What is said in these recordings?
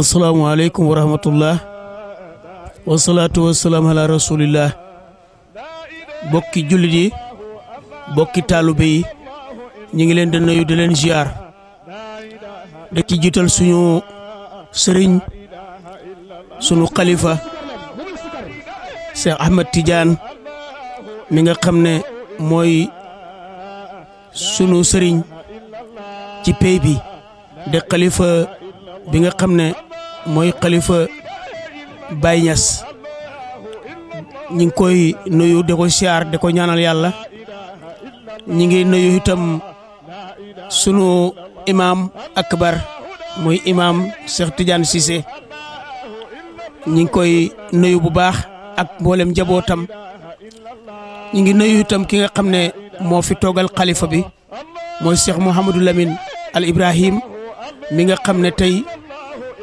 asalaamaaleykum wa rahmatullah wasalaatu wasalaam ala rasulillah bokki jullit yi bokki taalibe yi ñu ngi leen di nuyu di leen ziar da ci jiital suñu sëriñ suñu xalifa Cheikh Ahmed Tidiane mi nga xam ne mooy sunu sëriñ ci pey bi de xalifa bi nga xam ne mooy xalifa Baye Niass ñi ngi koy nuyu di ko siyaar di ko ñaanal yàlla ñi ngi nuyu itam sunu imaam akbar muy imaam Cheikh Tidiane sise ñi ngi koy nuyu bu baax ak mboolem njabootam ñi ngi nuyu itam ki nga xam ne moo fi toogal xalifa bi mooy Cheikh Mouhamadou al Ibrahim mi nga xam ne tey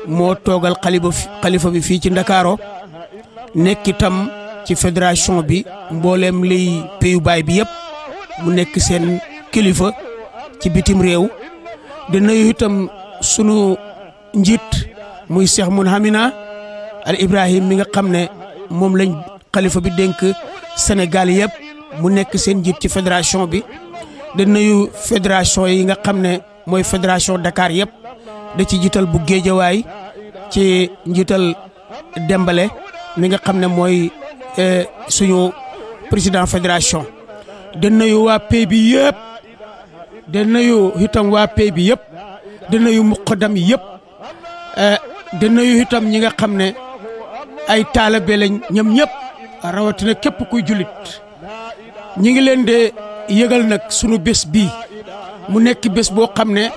moo toogal xalifa xalifa bi fii ci Ndakaaro nekk itam ci fédération bi mbooleem liy péyu baay bi yëpp mu nekk seen kilifa ci bitim réew di nuyu itam sunu njiit muy Cheikh Mun Hamina al Ibrahim bi nga xam ne moom lañ xalifa bi dénk Sénégal yëpp mu nekk seen njiit ci fédération bi di nuyu yi nga xam ne mooy fédération Dakar yëpp da ci jiital bu géejawaay ci njiital dembale mi nga xam ne mooy e, suñu président fédération di yu waa pay bi yëpp di nuyu itam waa pay bi yëpp yu nuyu muqaddam yëpp e, di yu itam ñi nga xam ne ay taalibe lañ ñoom ñëpp rawatina képp kuy jullit ñi ngi leen de yëgal nag sunu bés bii mu nekk bés boo xam ne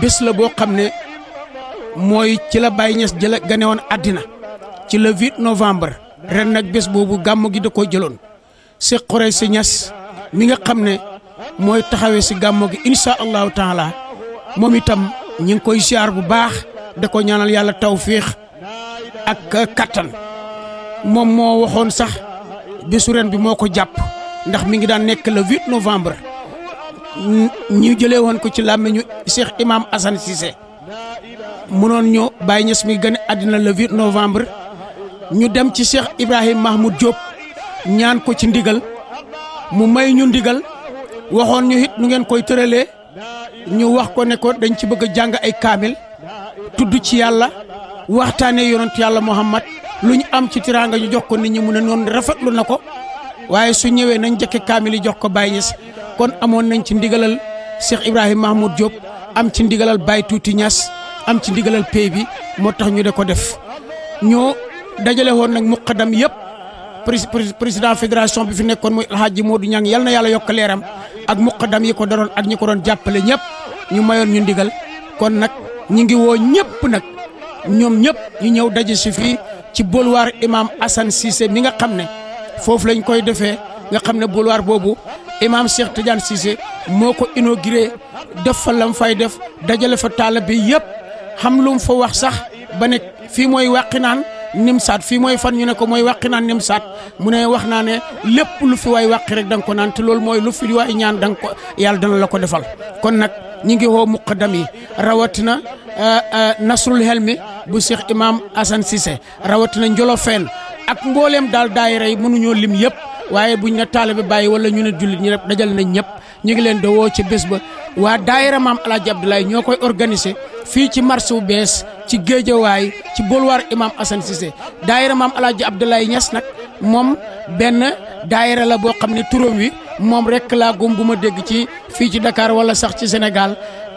bés la boo xam ne mooy ci la Baye Niass jëla gane àddina ci le 8 novembre ren nag bés boobu gàmm gi da koo jëloon si xoree si Niass mi nga xam ne mooy taxawee si gàmm gi incha allahu taala moom itam ñi ngi koy siyaar bu baax da ko ñaanal yàlla tawfiix ak kattan moom moo waxoon sax bésu ren bi moo ko jàpp ndax mi ngi daan nekk le 8 novembre ñu jëlee woon ko ci làmmiñu Cheikh Imam Assane Cissé mënoon ñu Baye Niass mi gën a àddina le 8 novembre ñu dem ci Cheikh Ibrahim Mahmoud Diop ñaan ko ci ndigal mu may ñu ndigal waxoon ñu it nu ngeen koy tëralee ñu wax ko ne ko dañ ci bëgg a jàng ay kaamil tudd ci yàlla waxtaanee yonent yàlla Muhammad lu ñu am ci tiraanga ñu jox ko nit ñi mu ne noonu rafetlu na ko waaye su ñëwee nañ jëkke kaamil yi jox ko Baye Niass kon amoon nañ ci ndigalal Cheikh Ibrahim Mahmoud Diop am ci ndigalal Baye Tuuti Ñas am ci ndigalal pay bi moo tax ñu de ko def ñoo dajale woon nag muqadam yëpp président fédération bi fi nekkoon mooy muy moo Moodu Ñang yal na yàlla yokkaleeram leeram ak muqadam yi ko daroon ak ñi ko doon jàppale ñëpp ñu mayoon ñu ndigal kon nag ñi ngi woo ñëpp nag ñoom ñëpp ñu ñëw daje si fii ci boulevard imam Assane Cissé mi nga xam ne foofu lañ koy defee nga xam ne boulevard boobu imam Cheikh Tidiane siise moo ko inauguré def fa lam fay def dajale fa taalibe bi yëpp xam lum mu fa wax sax ba ne fii mooy wàqinaan nimsaat fii mooy fan ñu ne ko mooy wàqinaan nimsaat mu ne wax naa ne lépp lu fi waay wàqi rek da nga ko naan te loolu mooy lu fi waay ñaan da nga ko yàlla dana la ko defal kon nag ñi ngi woo muqaddam yi rawatina euh, euh, nasrul helmi bu Cheikh imam Assane Cissé rawatina njolofeen ak mbooleem daal daayira yi mënuñoo lim yëpp waaye buñ ne taalibe bàyyi wala ñu ne jullit ñi rek dajal nañ ñëpp ñu ngi leen di ci bés ba waa daayira maam El Hadj ñoo koy organiser fii ci marché bu bees ci Géejawaay ci boulevard Imam Assane Cissé daayira maam El Hadj Abdoulaye Niass nag moom benn daayira la boo xam ne turam wi moom rekk laa gum bu ma dégg ci fii ci Dakar wala sax ci Sénégal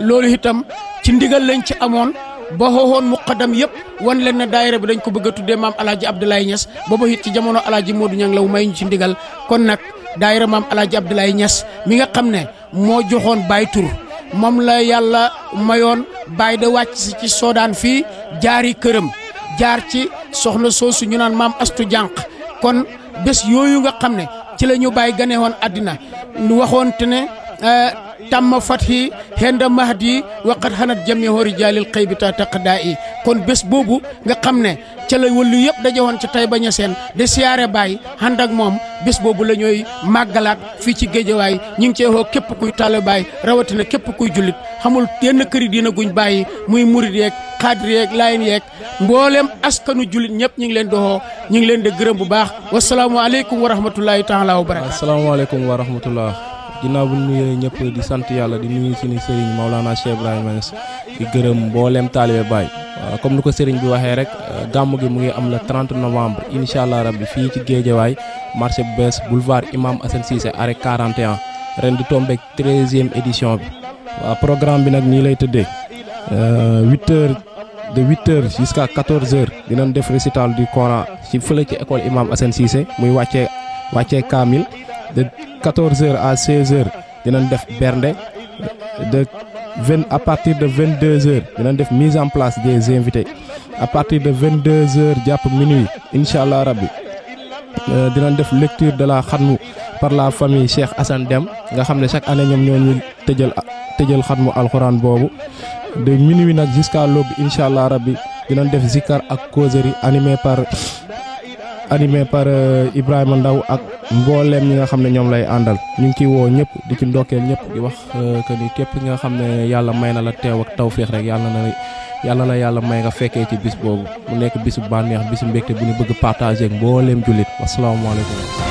loolu itam ci ndigal lañ ci amoon. ba xooxoon muqadam yëpp wan leen ne daayira bi dañ ko bëgg a tuddee maam alaaji Abdoulaye Niass booba it ci jamono alaaji Modou Niang la may ñu ci ndigal kon nag daayira maam alaaji Abdoulaye Niass mi nga xam ne moo joxoon baay tur moom la yàlla mayoon baay da wàcc si ci soodaan fii jaari këram jaar ci soxna soosu ñu naan maam astu jànq kon bés yooyu nga xam ne ci la ñu bàyyi gane woon àddina waxoonte ne euh, tamma fathi henda mahdi waqat hanat jamihu rijalil xaybi ta daa i kon bés boobu nga xam ne ca la wëllu yëpp daje woon ca Taïba Niassène de siyaare bàyyi ànd ak moom bés boobu la ñooy màggalaat fii ci géejawaay ñu ngi cee woo képp kuy taalibe Baay rawatina képp kuy jullit xamul yenn këri diina guñ bàyyi muy murid yeeg xaadir yeeg laayin yeeg mboolem askanu jullit ñëpp ñu ngi leen doxoo ñu ngi leen di gërëm bu baax wasalaamaaleykum wa rahmatulahi taala wa barakaatu. asalaamaaleykum wa rahmatullah ginnaaw bu ñu nuyee ñëpp di sant yàlla di nuyu suñu sëriñ Maolana Cheikh Ibrahima Niass di gërëm mboolem taalibe Baye comme ni ko sëriñ bi waxee rek euh, gàmm gi mu ngi am le 30 novembre incha allah rabbi fii ci Géejawaay marché bu bees boulevard Imam Assane Cissé arrêt 41 ren di tombé 13e édition bi. waaw programme bi nag nii lay tëddee 8 euh, heures de 8 heures jusqu'à 14 heures dinañ def récital du Coran ci fële ci école Imam Assane muy wàccee wàccee Kaamil. de 14h à 16 dinañ def bernde de vingt à partir de 22h dinañ def mise en place des invités à partir de 22h jàpp minuit incha allah rabbi euh, dinañ def lecture de la xatmu par la famille Cheikh Assane Dem nga xam ne chaque année ñoom ñoo ñu tëjal tëjal mu alxuraan boobu de minuit nag jusqu'à l'aube incha allah rabbi dinañ def zikkar ak causerie animé par. animé par euh, Ibrahima Ndaw ak mbooleem ñi nga xam ne ñoom lay àndal ñu ngi ciy woo ñëpp di ci ndokkeel ñëpp di wax euh, que ni képp nga xam ne yàlla may na la teew ak tawféex rek yàlla na yàlla na yàlla may nga fekkee ci bis boobu mu nekk bisu bànneex bisu mbégte bu ñu bëgg partager ak mbooleem jullit wasalaamaaleykum